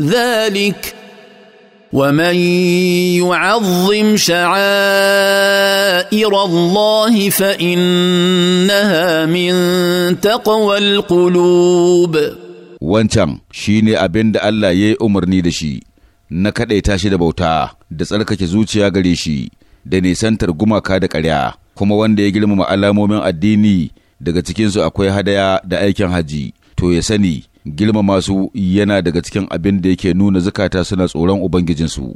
ذلك ومن يعظم شعائر الله فإنها من تقوى القلوب wancan shi ne abin da Allah ya yi umarni da shi na kaɗaita shi da bauta da tsarkake zuciya gare shi da nisantar gumaka da ƙarya kuma wanda ya girmama alamomin addini daga cikinsu akwai hadaya da aikin hajji to ya sani girmama su yana daga cikin abin da yake nuna zukata suna tsoron ubangijinsu